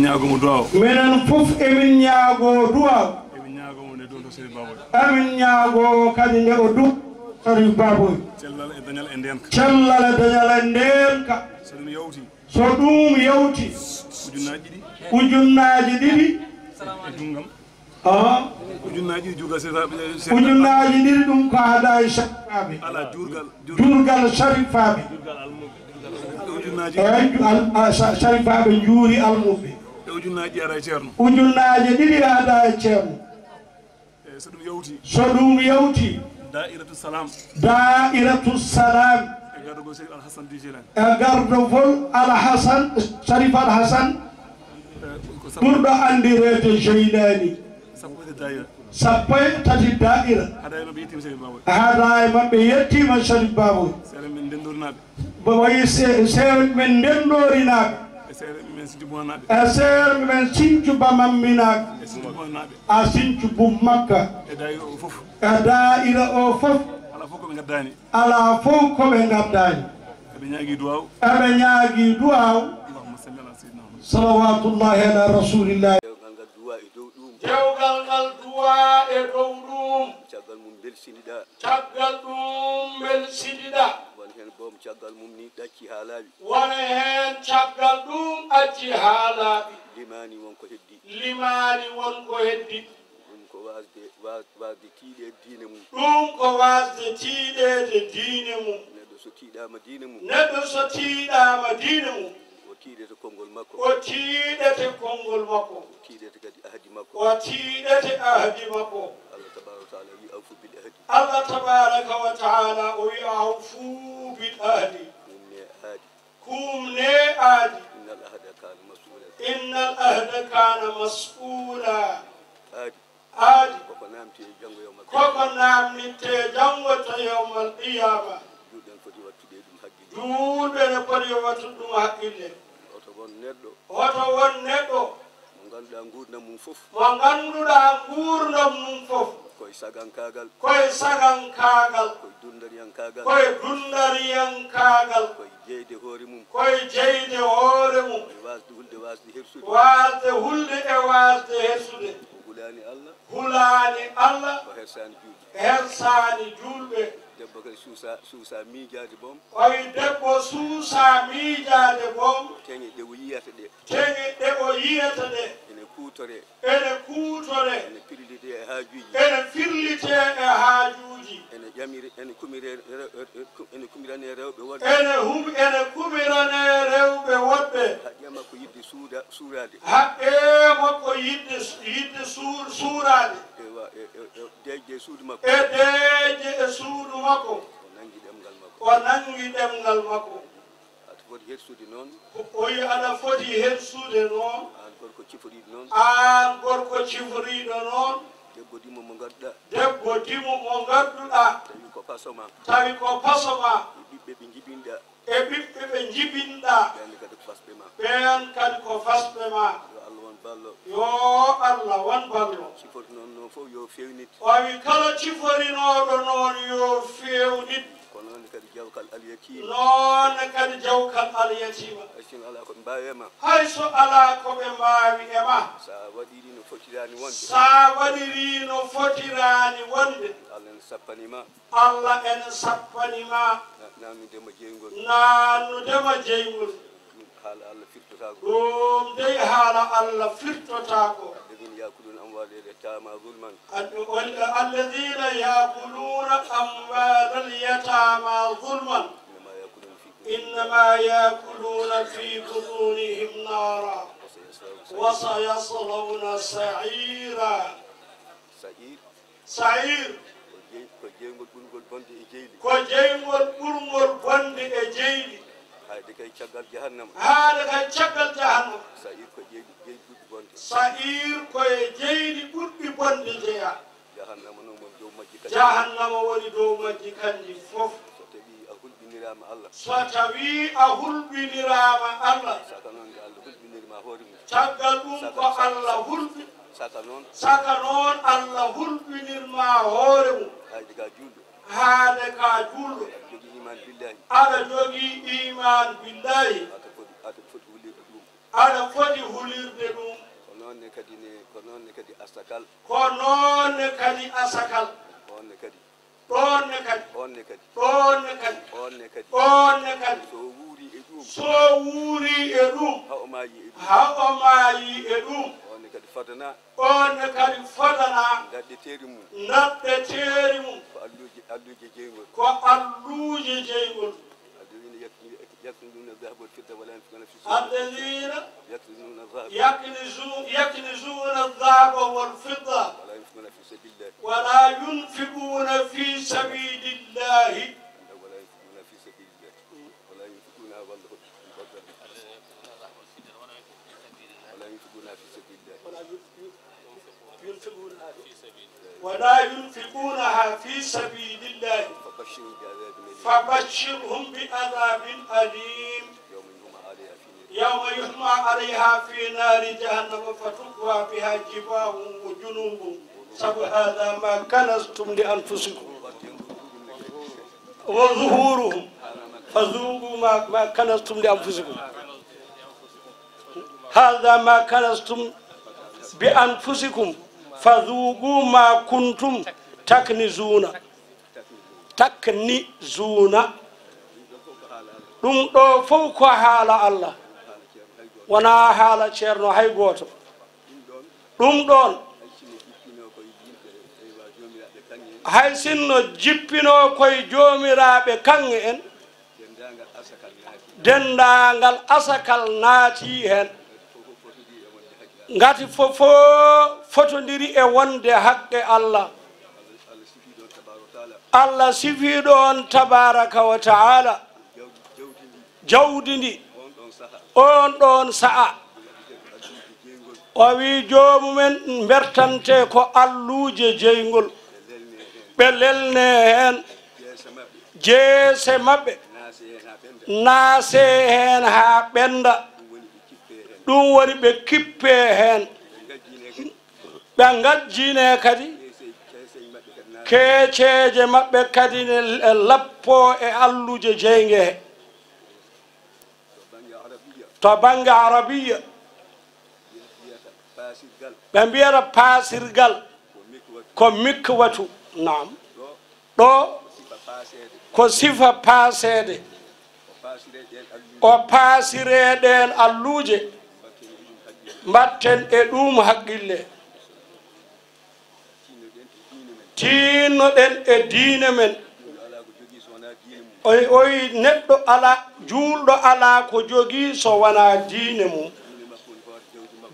ñagomo duwa o minen fof emin ñaago duwa o emin ñaagomo nde ɗum to sérif baboy emin ñaago kadi nde o du sérif baboy cellal e dañal e ndenka cellal e dañal e ndenka so ɗum yawti so ɗum yawti ujunnaji ɗiɗi ujunnaji ɗiɗi e dungam a ujunnaji ɗi jurgal e sérifaɓe ujunnaji ɗiɗi ɗum ko haada e sarifaɓe ala jurgal jurgal sarifaɓe ujunnaji eyi sarifaɓe juuri almuɓe e ujunnaji ɗi ara e ada e ceerno eyi so ɗum yawti so ɗum yawti dairatu salam dairatu e salam e gardogo sehil alhasan dijilan e gardogol alhasan sharif alhasan ɓurɗo andirede jeynani sappo e daira sappo e tati daira haɗa e maɓɓe yettima sharif baboy seeɗa min ndendorinaɓe wayi seeɗa min ndendorinaɓe e seere mumen sincu bamanminaak e a sincu bum makka e daa'ira e o fof alaa fof ko e ɓe ngaddaani eɓe ñaagii duwaaw salawatullahi ala rasulillahi jewgal ngal duwa e dow ɗum caggal ɗum mbel siɗiɗa ɗom caggal mum ni ɗacci ha laaɓi wona hen caggal ɗum acci ha laaɓi limani wonko heddi limani wonko heddi ɗum ko wasde wasde tiiɗe diine mum ɗum ko wasde tiiɗede diine mum neɗɗo so tiiɗama diine mum neɗɗo so tiiɗama diine mum o tiiɗete konngol makko o tiiɗete konngol makko o tiiɗete kadi ahdi makko o tiiɗete ahdi makko allah tabaraka wa taala wi aw fuu bil ahdi allah tabaraka wa taala o wi aw fuu bil ahdi kumne aadi kumne aadi innal ahda kana masula innal ahda kana masula aadi aadi koko namti e janngo yowmal koko namnite janngo to yowmal qiyama duunde ne poti yo wattu ɗum haqqille oto won neɗɗo mo ngannduɗa nguurdam mum fof koye sagankagal koye dundariyankagalkoye dundariyankagal jeyde hoore mum koye jeyde hoore mum waasde hulde waasde hersude waasde hulde e waasde hersude hulaani allah hulaani allah hersaani juulɓe suusa suusa miijaade boom oye debbo suusa miijaade boom teŋe ɗe o yiyata ɗe teŋe ɗe o yiyata ɗe ene kuutore ene kuutore ene pirlite e haajuuji ene firlite e haajuuji ene ƴamire ene kumirene kumirane rewɓe woɗɓe ene hum ene kumirane rewɓe woɗɓe ha ƴama ko yiɗde suuda suuraade ha ƴeemakko yiɗde yiɗde suuraade E, e, e, deje suudu makko e deje e suudu makko o nangi ɗemgal makko o nangi ɗemgal makko aɗa foti hersude noon oyi aɗa foti hersude noon an gorko ciforiɗo noon an gorko ciforiɗo noon debbo dimo mo ngadduɗa debbo dimo mo ngadduɗa tawi ko paso ma tawi ko paso ma e ɓiɓɓe ɓe jibinɗa e ɓiɓɓe ɓe jibinɗa ɓen kadi ko fasɓe ma ɓen kadi ko fasɓe ma yo allah wan balloo o wi kala ciforinooɗo noon yo fewnit noonne kadi jawkal alyatima e hay so alaa ko ɓe mbaawi e ma sa waɗiri no fotiraani wonde allah ene sappanima naannudema jeyngol haala firtotaako ɗum dey haala allah firtotaako alladina yakuluna amwala lyatama zulman alladina yakuluna amwala lyatama zulman إنما يأكلون في بطونهم نارا وسيصلون سعيرا سعير سعير ko jeygol ɓurgol bonde e jeyɗi ko jeygol ɓurgol bonde e jeyɗi hayde kay caggal jahannama haala kay caggal jahannama sa ir ko jeydi jeyi ɓuɗɗi bonde sa ir koye jeydi ɓuɗɗi bonde jeeya jahannama noon woni dow majji kadi jahannama woni dow majji kanji fof so tawi a hulɓinirama allah so tawi a hulɓinirama allah saka noon de allah hulɓinirima hoore mum caggal ɗum ko allah hulɓi saka noon saka noon allah hulɓinirma hoore mum hayde ka julɗo haade ka julɗo aɗa jogi iman billahi aɗa foti hulirde ɗum ko noonne kadi ne ko noonne kadi asakal ko noonne kadi asakal onne kadi ɗonne kadi onne kadi ɗonne kadi onne kadi onne kadi so wuuri e ɗum so wuuri e ɗum ha o maayi e ɗum kadi fadana on ne kadi fadana gaɗɗeteri mum naɗɗeteri mum ko alluji alluji jeygol ko alluji jeygol الذين يكنزون الذهب والفضة ولا ينفقون في سبيل الله ولا عذاب أليم يوم يحمى عليها في نار جهنم فتقوى بها جباه وجنوب سب هذا ما كنزتم لأنفسكم وظهورهم فذوقوا ما ما كنزتم لأنفسكم هذا ما كنزتم بأنفسكم فذوقوا ما كنتم تكنزون تكنزون ɗum ɗo fof ko haala allah wona haala ceerno hay gooto ɗum ɗon hay sinno jippino koye joomiraaɓe kaŋŋe en denndaangal asakal naati heen ngati fo fo fotondiri e wonde haqqe allah allah sifii ɗoon tabaraka wa taala jawdi ndi on ɗon sa'a o wii joomumen mbertante ko alluuje jeyngol ɓe lelne heen jeese maɓɓe naase heen haa ɓennda ɗum woni ɓe kippe heen ɓe ngajjine kadi keeceeje maɓɓe kadi ne lappo e alluuje jeynge hee to bange arabiya ɓe mbiyata paasirgal ko mikwatu nam ɗo ko sifa paaseede o paasireɗen alluuje mbatten e ɗum haqqille tiinnoɗen e diine men oyi neɗɗo ala juulɗo alaa ko jogii so wonaa diine mum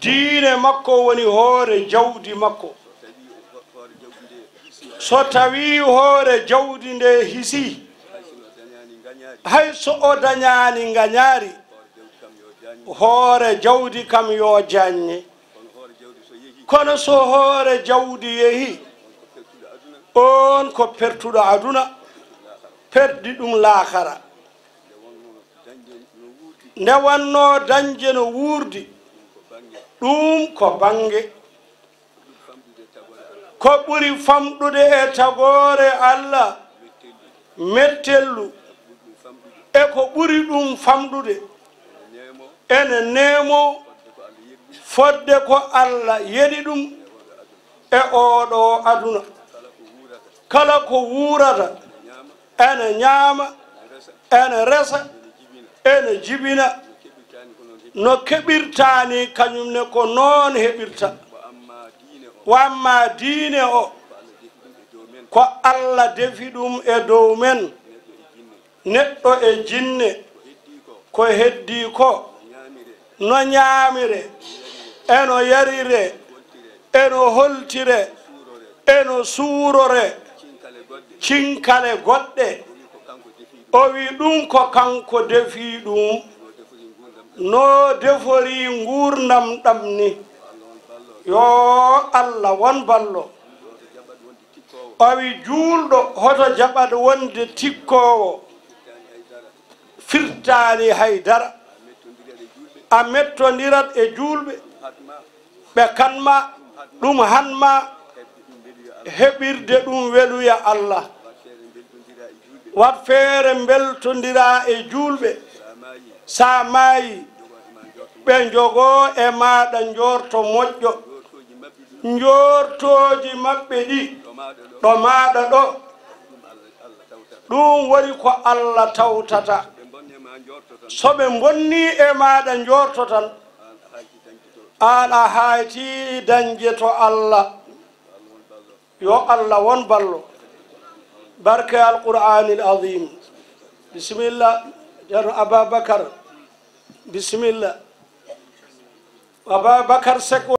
diine makko woni hoore jawdi makko so tawii hoore jawdi nde hisii hay so o dañaani ngañaari hoore jawdi kam yo jaññe kono so hoore jawdi yehii oon ko pertuɗo aduna perdi ɗum laakara nde wanno dañde no wuurdi ɗum ko bange ko ɓuri famɗude e tagore allah mettellu e ko ɓuri ɗum famɗude ene nemo fodde ko allah yeɗi ɗum e oɗo aduna kala ko wuurata ene ñaama ene resa ene jibina no keɓirtani kañumne ko noon heɓirta wamma diine o ko allah defi ɗum e dow men neɗɗo e jinne ko heddi ko no ñaamire eno yarire eno holtire eno suurore e no cinkale goɗɗe o wi ɗum ko kanko defi ɗum no defori gurdam ɗam ni yo allah won ballo o wi juulɗo hoto jaɓat wonde tikkowo firtaani haydara a mettodirat e juulɓe ɓe kanma ɗum hanma heɓirde ɗum weluya allah wat feere mbeltondira e julɓe sa maayi ɓe jogoo e maaɗa njorto moƴƴo njortooji maɓɓe ɗi ɗo maaɗa ɗo ɗum woni ko allah tawtata so ɓe bonnii e maaɗa njorto tan aan a haytii dañje to allah يو الله ونبلو بركة القرآن العظيم بسم الله جر أبا بكر بسم الله أبا بكر سكو